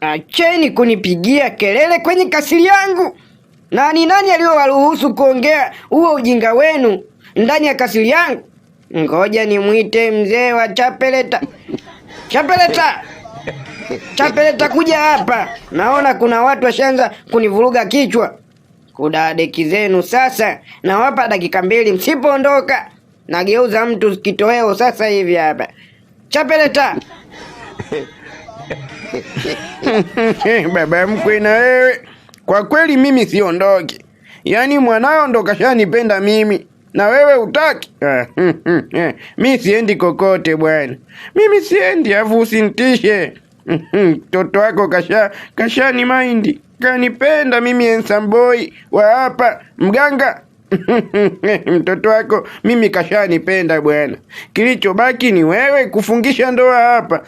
Acheni kunipigia kelele kwenye kasiri yangu. Na ni nani aliyowaruhusu kuongea huo ujinga wenu ndani ya kasiri yangu? Ngoja nimwite mzee wa Chapeleta. Chapeleta, Chapeleta, kuja hapa. Naona kuna watu washaanza kunivuruga kichwa. Kudadeki zenu sasa, nawapa dakika mbili, msipoondoka nageuza mtu kitoweo sasa hivi hapa. Chapeleta Baba mkwe, na wewe kwa kweli, mimi siondoki. Yaani mwanao ndo kashanipenda mimi na wewe utaki? mi siendi kokote bwana, mimi siendi, afu usintishe mtoto wako kasha kashani maindi kanipenda mimi, ensamboi wa hapa mganga mtoto wako mimi kashanipenda bwana, kilichobaki ni wewe kufungisha ndoa hapa.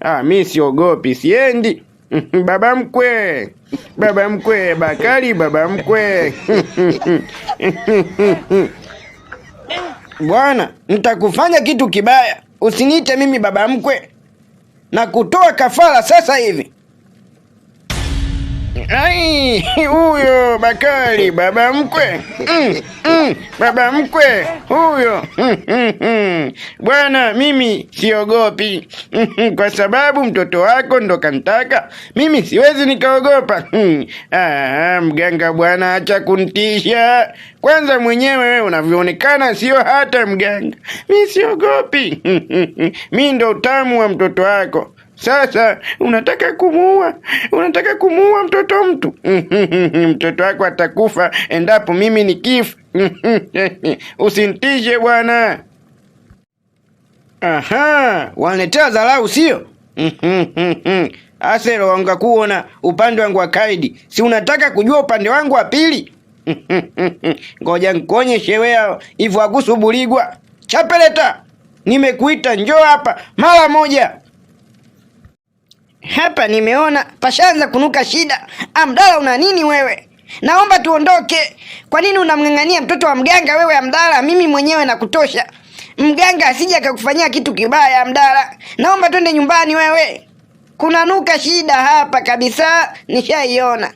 Ah, mi siogopi, siendi. baba mkwe, baba mkwe, Bakari baba mkwe bwana, nitakufanya kitu kibaya, usiniite mimi baba mkwe na kutoa kafara sasa hivi. Ai, huyo Bakari baba mkwe mm, mm, baba mkwe huyo mm, mm, mm. Bwana, mimi siogopi mm, mm, kwa sababu mtoto wako ndo kantaka. Mimi siwezi nikaogopa mm. Ah, mganga bwana, acha kuntisha kwanza. Mwenyewe wewe unavyoonekana sio hata mganga. Mi siogopi Mi ndo utamu wa mtoto wako. Sasa unataka kumuua, unataka kumuua mtoto mtu mtoto wako atakufa endapo mimi ni kifa. Usintishe bwana. Aha, waletea dharau sio? Asero wanga kuona upande wangu wa kaidi, si unataka kujua upande wangu wa pili? Ngoja nkuonyeshe wewe ivwagusu buligwa Chapeleta, nimekuita njoo hapa mara moja hapa nimeona pashaanza kunuka shida. Amdala, una nini wewe? Naomba tuondoke. Kwa nini unamng'ang'ania mtoto wa mganga wewe Amdala? Mimi mwenyewe nakutosha. Mganga asije akakufanyia kitu kibaya Amdala, naomba twende nyumbani wewe, kunanuka shida hapa kabisa, nishaiona.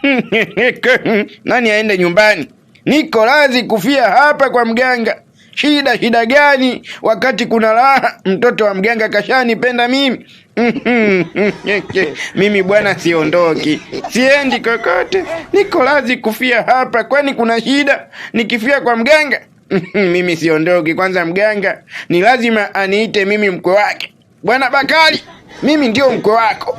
Nani aende nyumbani? Niko radhi kufia hapa kwa mganga. Shida shida gani wakati kuna raha? Mtoto wa mganga penda mimi. Mimi bwana, siondoki, siendi kokote, niko lazi kufia hapa. Kwani kuna shida nikifia kwa mganga? Mimi siondoki. Kwanza mganga ni lazima aniite mimi mkwe wake. Bwana Bakari, mimi ndio mkwe wako.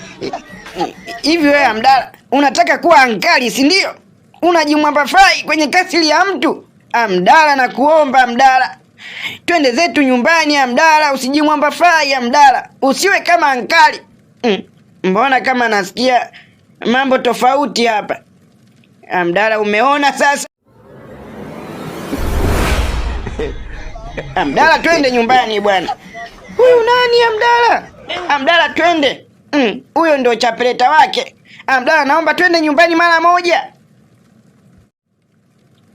Hivi wewe Amdala, unataka kuwa ankali, si ndio? Unajimwambafai kwenye kasili ya mtu Amdala na kuomba Amdala, twende zetu nyumbani Amdala, usijimwamba fai Amdala, usiwe kama ankali mm. Mbona kama nasikia mambo tofauti hapa Amdala, umeona sasa Amdala, twende nyumbani bwana. Huyu nani Amdala? Amdala, twende mm. huyo mm. Ndio chapeleta wake Amdala, naomba twende nyumbani mara moja.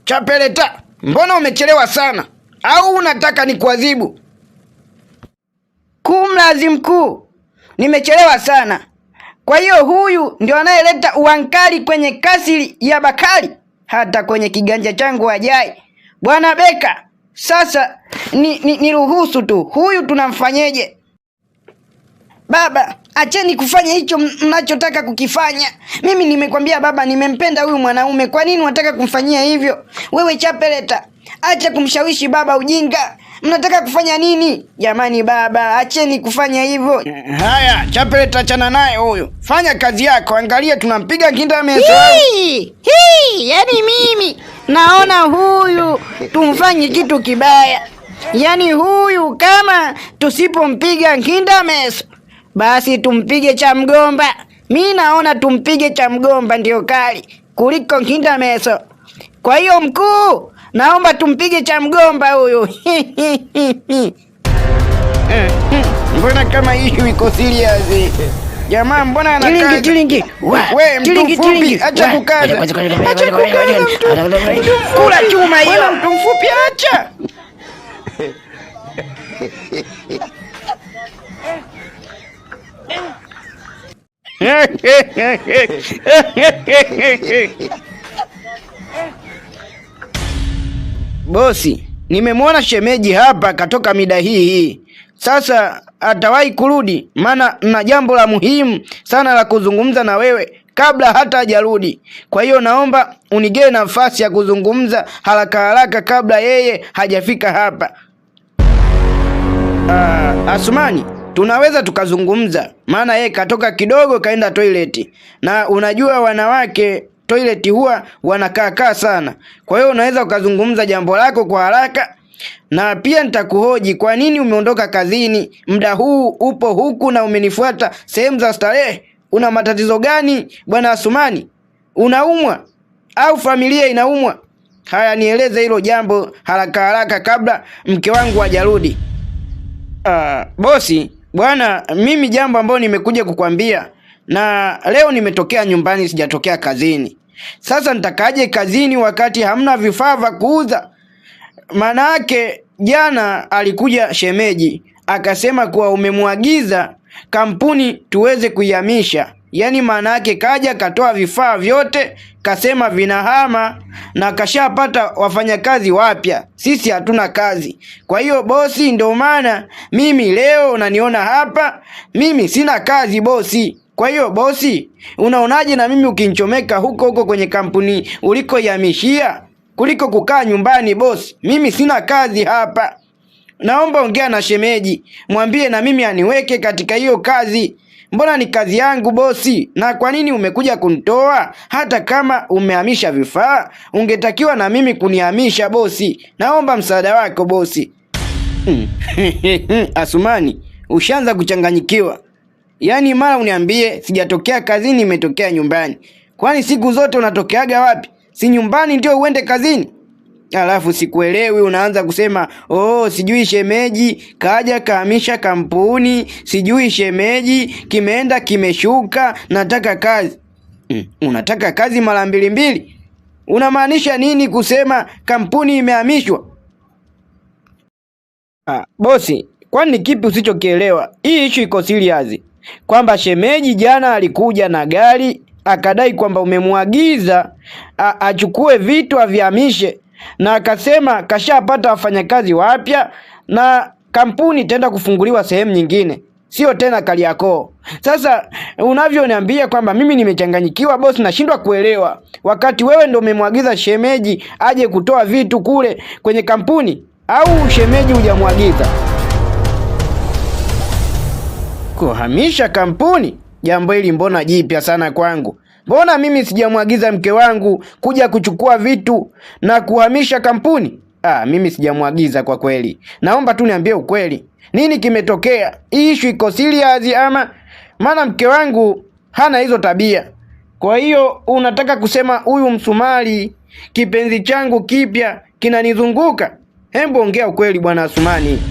Chapeleta mbona umechelewa sana? Au unataka nikuadhibu? mlazi mkuu, nimechelewa sana. Kwa hiyo huyu ndio anayeleta uankali kwenye kasili ya bakali hata kwenye kiganja changu ajai. Bwana Beka, sasa ni, ni, ni tu, huyu tunamfanyeje? Baba, Acheni kufanya hicho mnachotaka kukifanya. Mimi nimekwambia baba, nimempenda huyu mwanaume. Kwa nini unataka kumfanyia hivyo? Wewe chapeleta, acha kumshawishi baba ujinga. Mnataka kufanya nini jamani? Baba, acheni kufanya hivyo. Eh, haya, chapeleta, achana naye huyu, fanya kazi yako. Angalia, tunampiga kindameso. Yani mimi naona huyu tumfanye kitu kibaya. Yani huyu kama tusipompiga meso basi tumpige cha mgomba. Mi naona tumpige cha mgomba ndio kali kuliko kinda meso. Kwa hiyo mkuu, naomba tumpige cha mgomba huyu. Mbona kama hiyo iko serious? Jamaa mbona anakaa? Chilingi, wewe mtu mfupi acha kukaza. Acha kukaza. Kula chuma hiyo mtu mfupi acha. Bosi, nimemwona shemeji hapa katoka mida hii hii. Sasa atawahi kurudi, maana na jambo la muhimu sana la kuzungumza na wewe kabla hata hajarudi. Kwa hiyo naomba unigee nafasi ya kuzungumza haraka haraka kabla yeye hajafika hapa. Uh, Asumani tunaweza tukazungumza, maana yeye katoka kidogo kaenda toileti, na unajua wanawake toileti huwa wanakaakaa sana. Kwa hiyo unaweza ukazungumza jambo lako kwa haraka, na pia nitakuhoji kwa nini umeondoka kazini muda huu, upo huku na umenifuata sehemu za starehe. Una matatizo gani bwana Asumani? Unaumwa au familia inaumwa? Haya, nieleze hilo jambo haraka haraka kabla mke wangu hajarudi. Uh, bosi bwana, mimi jambo ambalo nimekuja kukwambia, na leo nimetokea nyumbani, sijatokea kazini. Sasa nitakaje kazini wakati hamna vifaa vya kuuza? Manake jana alikuja shemeji akasema kuwa umemwagiza kampuni tuweze kuihamisha, yaani maana yake kaja katoa vifaa vyote kasema vinahama na kashapata wafanyakazi wapya. Sisi hatuna kazi. Kwa hiyo bosi, ndio maana mimi leo unaniona hapa, mimi sina kazi bosi. Kwa hiyo bosi, unaonaje na mimi ukinchomeka huko huko kwenye kampuni ulikoihamishia kuliko kukaa nyumbani bosi? Mimi sina kazi hapa. Naomba ongea na shemeji, mwambie na mimi aniweke katika hiyo kazi. Mbona ni kazi yangu bosi, na kwa nini umekuja kunitoa? Hata kama umehamisha vifaa, ungetakiwa na mimi kunihamisha bosi. Naomba msaada wako bosi. Hmm. Asumani, ushaanza kuchanganyikiwa. Yaani mara uniambie sijatokea kazini, nimetokea nyumbani. Kwani siku zote unatokeaga wapi? Si nyumbani ndio uende kazini? alafu sikuelewi, unaanza kusema oh, sijui shemeji kaja kahamisha kampuni, sijui shemeji kimeenda kimeshuka, nataka kazi. Mm, unataka kazi mara mbili mbili? Unamaanisha nini kusema kampuni imehamishwa? Ah, bosi, kwani kipi usichokielewa? Hii ishu iko serious kwamba shemeji jana alikuja na gari akadai kwamba umemwagiza achukue vitu avihamishe na akasema kashapata wafanyakazi wapya na kampuni itaenda kufunguliwa sehemu nyingine, sio tena Kariakoo. Sasa unavyoniambia kwamba mimi nimechanganyikiwa bosi, nashindwa kuelewa, wakati wewe ndio umemwagiza shemeji aje kutoa vitu kule kwenye kampuni, au shemeji hujamwagiza kuhamisha kampuni? Jambo hili mbona jipya sana kwangu. Mbona mimi sijamwagiza mke wangu kuja kuchukua vitu na kuhamisha kampuni? Ah, mimi sijamwagiza kwa kweli. Naomba tu niambie ukweli. Nini kimetokea? Hii issue iko serious ama? Maana mke wangu hana hizo tabia. Kwa hiyo unataka kusema huyu msumali kipenzi changu kipya kinanizunguka? Hembo ongea ukweli bwana Asumani.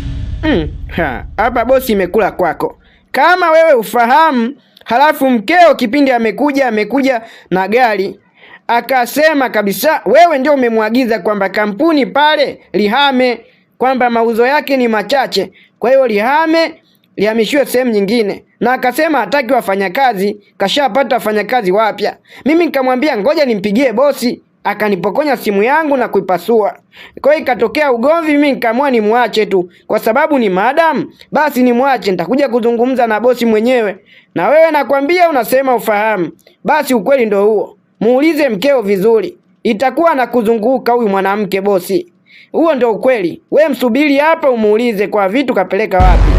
Mm, ha, hapa bosi imekula kwako. Kama wewe ufahamu Halafu mkeo kipindi amekuja amekuja na gari akasema kabisa, wewe ndio umemwagiza kwamba kampuni pale lihame, kwamba mauzo yake ni machache, kwa hiyo lihame lihamishiwe sehemu nyingine, na akasema hataki wafanyakazi, kashapata wafanyakazi wapya. Mimi nikamwambia ngoja nimpigie bosi akanipokonya simu yangu na kuipasua. Kwa hiyo ikatokea ugomvi, mimi nikaamua nimwache tu, kwa sababu ni madam, basi nimwache, nitakuja kuzungumza na bosi mwenyewe. Na wewe nakwambia, unasema ufahamu. Basi ukweli ndio huo, muulize mkeo vizuri, itakuwa na kuzunguka huyu mwanamke bosi. Huo ndio ukweli. We msubiri hapa, umuulize kwa vitu kapeleka wapi.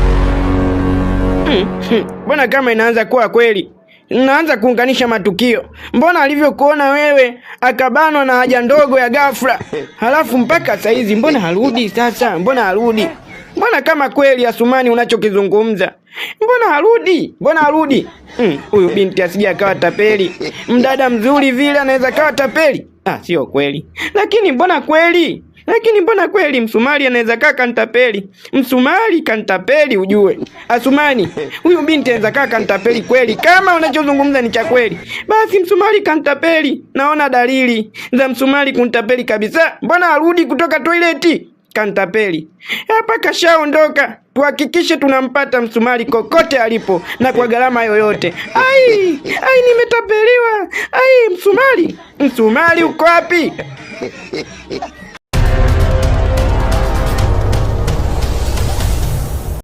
Hmm, hmm. Mbona kama inaanza kuwa kweli linaanza kuunganisha matukio. Mbona alivyokuona wewe akabanwa na haja ndogo ya ghafla, halafu mpaka saizi mbona harudi? Sasa mbona harudi? Mbona kama kweli Asumani unachokizungumza, mbona harudi? Mbona harudi? Hmm, huyu mm, binti asije akawa tapeli. Mdada mzuri vile anaweza kawa tapeli? Ah, sio kweli. Lakini mbona kweli lakini mbona kweli msumari anaweza kaa kantapeli? Msumari kantapeli, ujue Asumani, huyu binti anaweza kaa kantapeli kweli. Kama unachozungumza ni cha kweli, basi msumari kantapeli. Naona dalili za msumari kuntapeli kabisa. Mbona arudi kutoka toileti? Kantapeli hapa, kashaondoka. Tuhakikishe tunampata msumari kokote alipo na kwa gharama yoyote. Ai, ai, nimetapeliwa! Ai, msumari, msumari uko wapi?